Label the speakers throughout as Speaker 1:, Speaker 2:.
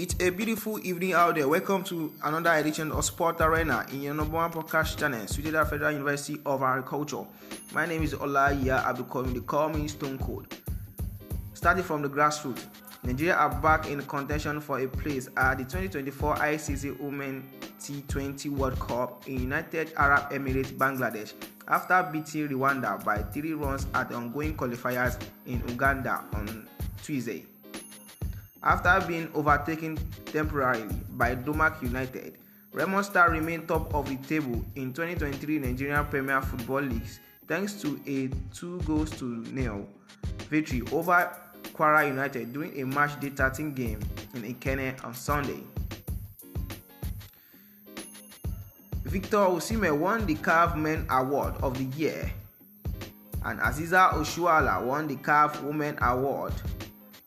Speaker 1: It's a beautiful evening out there. Welcome to another edition of Sport Arena in your number one podcast channel, situated Federal University of Agriculture. My name is Olaiya Abdulkarim, the call me Stone Cold. Starting from the grassroots, Nigeria are back in contention for a place at the 2024 ICC Women T20 World Cup in United Arab Emirates, Bangladesh, after beating Rwanda by three runs at the ongoing qualifiers in Uganda on Tuesday. After being overtaken temporarily by Domac United, Raymond Star remained top of the table in 2023 Nigerian Premier Football Leagues thanks to a 2 goals to nil victory over Kwara United during a match day 13 game in Ikene on Sunday. Victor Osime won the Calf Men Award of the Year and Aziza Oshuala won the Calf Women Award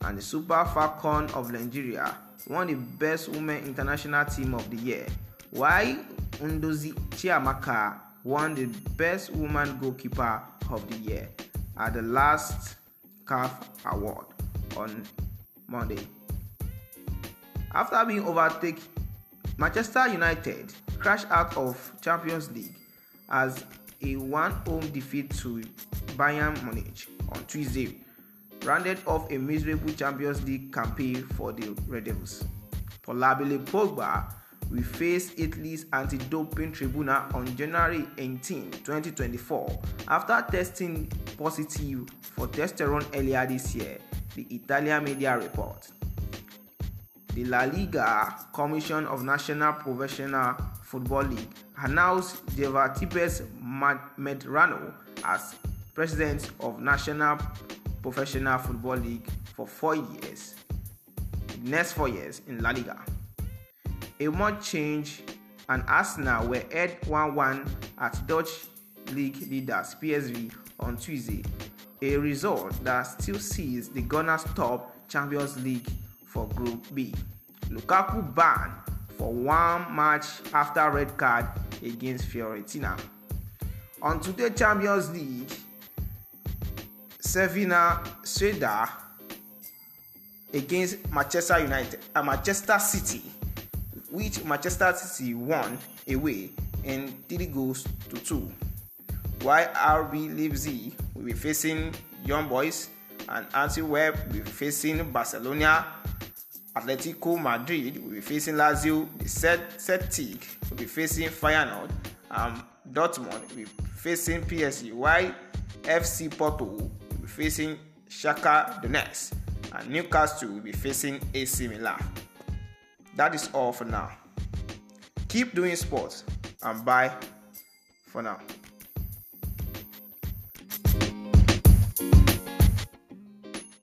Speaker 1: and the Super Falcon of Nigeria won the Best Women International Team of the Year, while Undozi Chiamaka won the Best Woman Goalkeeper of the Year at the last CAF Award on Monday. After being overtaken, Manchester United crashed out of Champions League as a one home defeat to Bayern Munich on Tuesday rounded off a miserable Champions League campaign for the Red Devils. For Pogba, we face Italy's anti doping tribunal on January 18, 2024, after testing positive for testosterone earlier this year, the Italian media report. The La Liga Commission of National Professional Football League announced Jeva Tibes Medrano as president of National Professional Football League for four years, next four years in La Liga. A much change, and Arsenal were head 1 1 at Dutch League leaders PSV on Tuesday, a result that still sees the Gunners top Champions League for Group B. Lukaku banned for one match after red card against Fiorentina. On today's Champions League, Servina Sreda ah, against Manchester United uh, Manchester City, which Manchester City won away in three goals to two. While RB Leipzig will be facing Young Boys and Antwerp will be facing Barcelona. Atletico Madrid will be facing Lazio, the Celtic will be facing Feyenoord, and Dortmund will be facing PSG, while FC Porto facing Shakhtar Donetsk, and Newcastle will be facing AC Milan. That is all for now. Keep doing sports and bye for now.